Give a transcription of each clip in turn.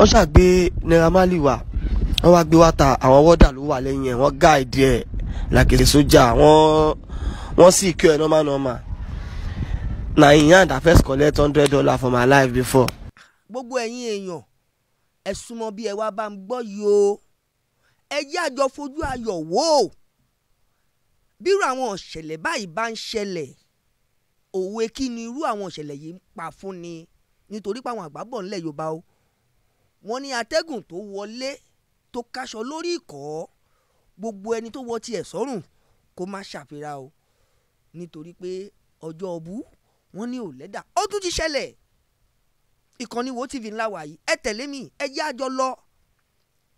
wọ́n ṣàgbé Naira Marley wá wọ́n wá gbé wá ta àwọn wọ́dà ló wà lẹ́yìn ẹ̀ wọ́n gáàdì ẹ̀ làkèsè sójà wọ́n wọ́n sì kí ẹ̀ normal normal na ìyáǹda first collect hundred dollar for my life before. gbogbo ẹ̀yin èèyàn ẹ súnmọ́ bí ẹ wá bá ń gbọ́ yìí o ẹ jẹ́ àjọ fojú ayọ̀ wò ó bírú àwọn ìṣẹ̀lẹ̀ báyìí bá ń ṣẹlẹ̀ òwe kí ni irú àwọn ìṣẹ̀lẹ̀ yìí ń pa fún ni nítorí pé àwọn àgbà bọ̀ ńlẹ̀ Yorùbá o wọ́n ní atẹ́gùn tó wọlé tó kaṣọ lórí ìkọ́ gbogbo ẹni tó wọ tiẹ̀ sọ́rùn kó má ṣàfira o nítorí pé ọjọ́ ọbú wọ́n ní ò lẹ́dà ó tún ti ṣẹlẹ̀ ìkànnì wo tv ńlá wàyí ẹ tẹ̀lé mi ẹ jẹ́ àjọ lọ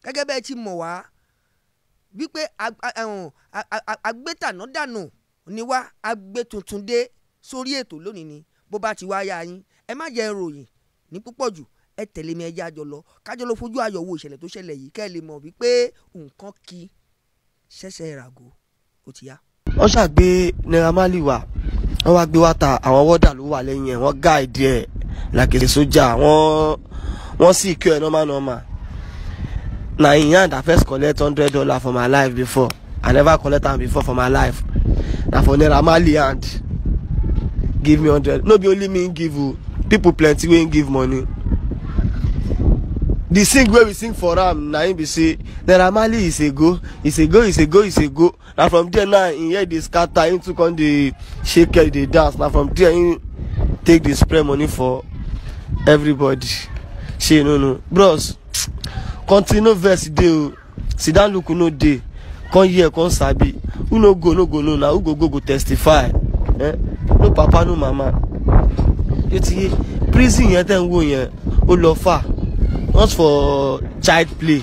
gẹ́gẹ́ bẹ́ẹ̀ ti mọ̀ wá wípé agbétàná dànù ni wá agbétuntun dé sórí ètò lónìí ni bó bá ti wá yá yín ẹ má jẹ́ ròyìn ní púpọ̀ jù ẹ tẹ̀lé mi ẹ jẹ́ àjọ lọ kájọ lọ fojú ayọ̀ wo ìṣẹ̀lẹ̀ tó ṣẹlẹ̀ yìí kẹ́ ẹ lè mọ̀ wípé nǹkan kì ṣẹ̀ṣẹ̀ ìràgò ó ti yá. wọ́n ṣàgbé Naira Marley wá wọ́n wá gbé wá ta àwọn wọ́dà ló wà lẹ́yìn ẹ̀ wọ́n gáàdì ẹ̀ làkèsè sójà wọ́n sì kí ẹ̀ normal normal na in hand i first collect hundred dollar for my life before i never collect am before for my life na for Naira Marley hand give me hundred no be only me give o people plenty wey give money the sing wey we sing for am na im be say naira marley is a go is a go is a go is a go na from there now im hear dey scatter im too come dey shake head dey dance na from there im take dey spray money for everybody shey no no bros continue verse dey o sit down look no dey come hear come sabi who no go no go no, na who go go go testify eh? no papa no mama yóò ti prison yẹn tẹ̀ ń wò yẹn ó lọ Just for child play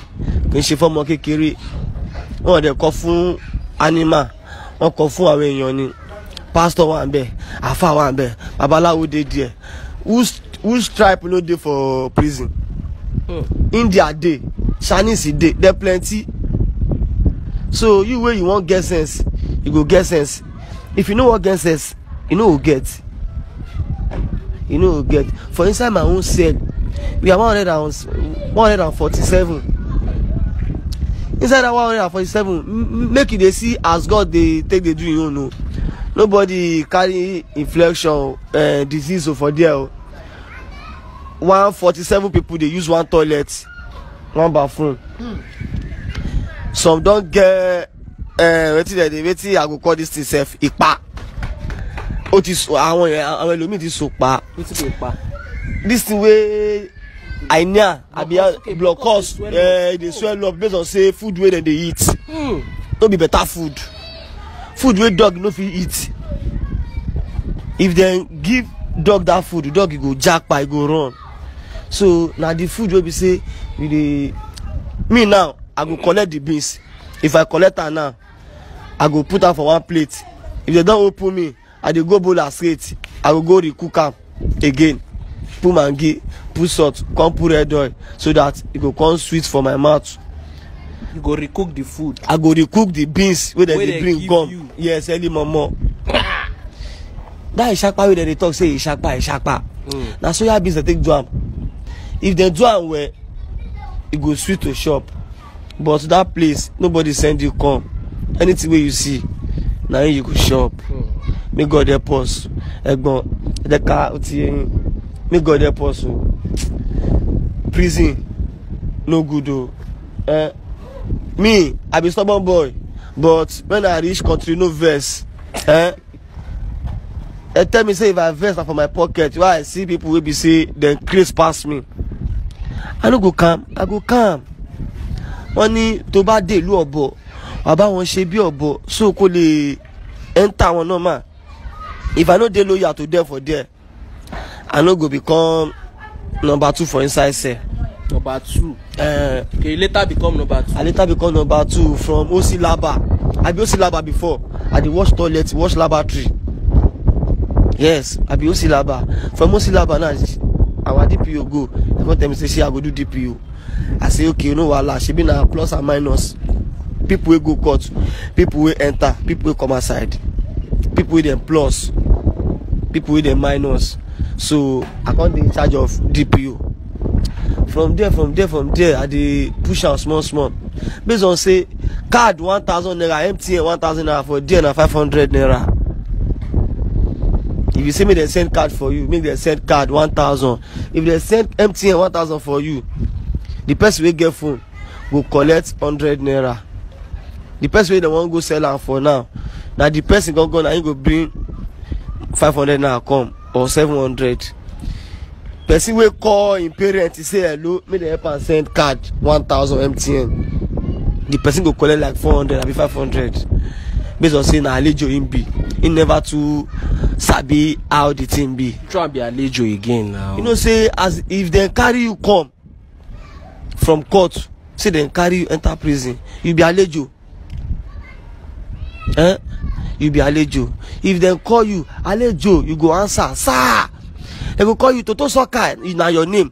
kì í ṣe fọmọ kékeré wọn ò dẹ̀ kọ́ fún animal wọn kọ́ fún àwọn èèyàn ni pastor wà ń bẹ̀ àfà wà ń bẹ̀ babaláwo dé díẹ̀ whose tribe no dey for prison hmm. India dey Chinese dey there plenty so you wey you wan get sense you go get sense if you no wan get sense you no go get you no go get for inside my own cell we are 147 inside that 147 make you dey see as god dey take dey do you own o nobody carry inflection uh, eh, disease o for there o 147 people dey use one toilet one bathroom mm. some don get uh, wetin dem dey wetin i go call this thing sef ipa o ti so àwọn àwọn ẹlòmíì ti so pa. wetin be ipa this thing wey i near abi block us dey swell up based on say food wey dem dey eat mm. no be better food food wey dog no fit eat if dem give dog that food dog e go japa e go run so na the food wey be say we dey me now i go collect the beans if i collect am now i go put am for one plate if dem don open me i dey go bola straight i go go re cook am again put mangi put salt come put red oil so that e go come sweet for my mouth. you go recook the food. i go cook the beans wey dem dey bring come you. yes early momo that ishapa wey dem dey talk say ishapa ishapa mm. na soya beans dem take do am if dem do am well e go sweet to chop but that place nobody send you come anything wey you see na you go chop mm. may god help us ẹ̀gbọ́n ẹ jẹ́ ti yẹ yín. May God help us. Oh. Prison, no good. Oh. Uh, me, I be stubborn boy, but when I reach country, no verse. Eh? They eh, tell me say if I verse for my pocket, why I see people will be say then grace pass me. I no go calm, I go calm. Money, ní tó day, dé abo. ọ̀bọ, bàbá wọn ṣe bí so kò lè enter one náà mà. If I no dey loyal to them for there i no go become number two for inside cell. number two. Uh, okay later become number two. i later become number two from oc laba i be oc laba before i dey wash toilet wash laboratory yes i be oc laba from oc laba now our dpo go i come tell me say see i go do dpo i say okay you no wahala shebi na plus and minus people wey go court people wey enter people wey come outside people wey dem plus people wey dem minus so i come dey in charge of dpo from there from there from there i dey push am small small based on say card one thousand naira mtn one thousand naira for there na five hundred naira if you say make dem send card for you make dem send card one thousand if dem send mtn one thousand for you the person wey get phone go collect hundred naira the person wey dem wan go sell am for now na the person gangan na him go bring five hundred naira come or seven hundred person wey call im parent say hello make dem help am send card one thousand mtn the person go collect like four hundred abi five hundred based on say na alejo im be He never too sabi how the thing be. try be alejo again now. you know say as if dem carry you come from court say dem carry you enter prison you be alejo. Eh? you be alejo if dem call you alejo you go answer sir dem go call you toto soccer na your name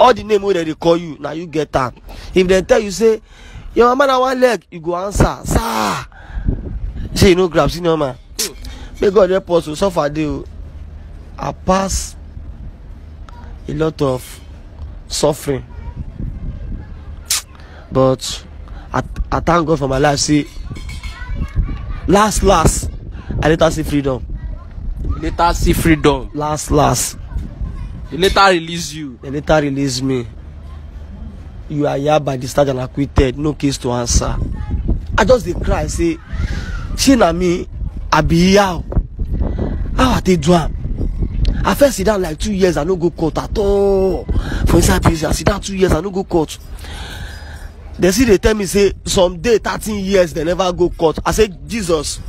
all the name wey dem dey call you na you get am if dem tell you say your mama na one leg you go answer sir Say you no grab senior man hmm. may god help us to suffer dey o oh. i pass a lot of suffering but i i thank god for my life say last last i later see freedom. you later see freedom. last last. they later release you. they later release me. you are here by the stage and acquitted no case to answer. i just dey cry say shey na me i be here how i take do am i first sit down like two years i no go court at all for inside prison i sit down two years i no go court dem still dey tell me say some dey thirteen years dem never go court i say jesus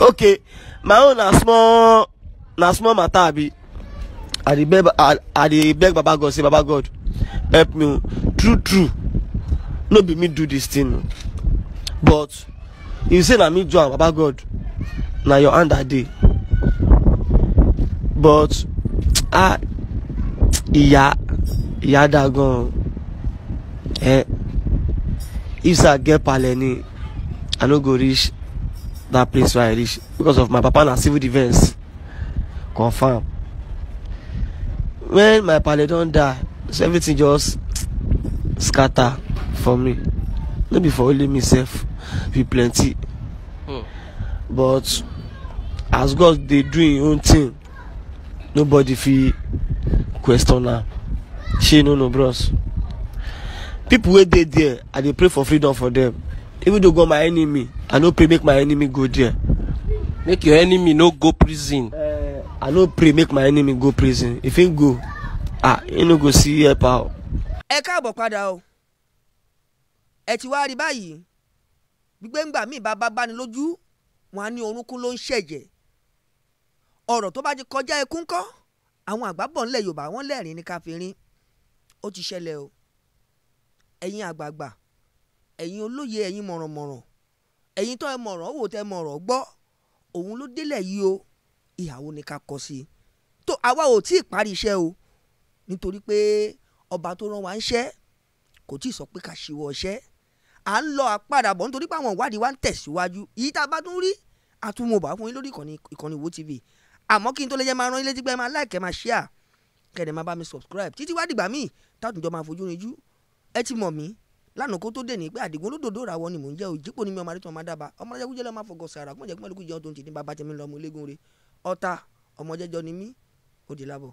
okay my own na small na small matter abi i dey beg i, I dey beg baba god say baba god help me true true no be me do this thing but you say na me do am baba god na your hand i dey but ah ìyá ìyá dá gan Eh, if say i get paleni i no go reach that place where i reach because of my papa na civil defence confam when my pale don die so everything just scatter for me no be for only me sef we plenty hmm. but as god dey do im own thing nobody fit question am shey no no bros people wey dey there i dey pray for freedom for them. even though go my enemy i no pray make my enemy go there make your enemy no go prison uh, i no pray make my enemy go prison if he go ah he no go see help out. ẹ káàbọ̀ padà o ẹ ti wá rí báyìí gbígbéǹgbà míì bá bá báni lójú wọn á ní orúnkún ló ń ṣẹ̀jẹ̀ ọ̀rọ̀ tó bá ti kọjá ikú ńkọ́ àwọn àgbà bọ̀ ńlẹ̀ yorùbá wọn lẹ́rìn ní káfíńrín ó ti ṣẹlẹ̀ o ẹ̀yin àgbààgbà ẹ̀yin olóye ẹ̀yin mọ̀rànmọ̀ràn ẹ̀yin tó ẹ mọ̀ràn wò tẹ mọ̀ràn gbọ́ òun ló délẹ̀ yìí o ìhàwó ni ká kọ sí i tó àwa ò tí ì parí iṣẹ́ o nítorí pé ọba tó rán wa ń ṣẹ́ kò tí ì sọ pé ká ṣíwọ́ ṣẹ́ à ń lọ àpadàbọ̀ nítorí pé àwọn ìwádìí wa ń tẹ̀síwájú èyí tá a bá tún rí àtúmọ̀bà fún yín lórí ìkànnì Wo TV àmọ́ kí n tó lè jẹ́ máa rán yín létí pé máa like máa share kẹ̀dẹ̀ máa bá mi subscribe títí wá dìgbà míì tátùjọ́ máa fojú rinjú ẹ ti mọ̀ mí lánàá kó tó dé ní pé àdìgún olódòdó ra wọn ni mò ń jẹ́ òjìpò ní mi ọmọ àrètí ọmọ adába ọmọ máa fọkọ̀ sàrà kó má jẹ́ kó má lóko jẹun tó ń tì ní bàbá tèmi lọ́mọ ológun re ọ̀tá ọmọ jẹ́jọ́ ni mí ó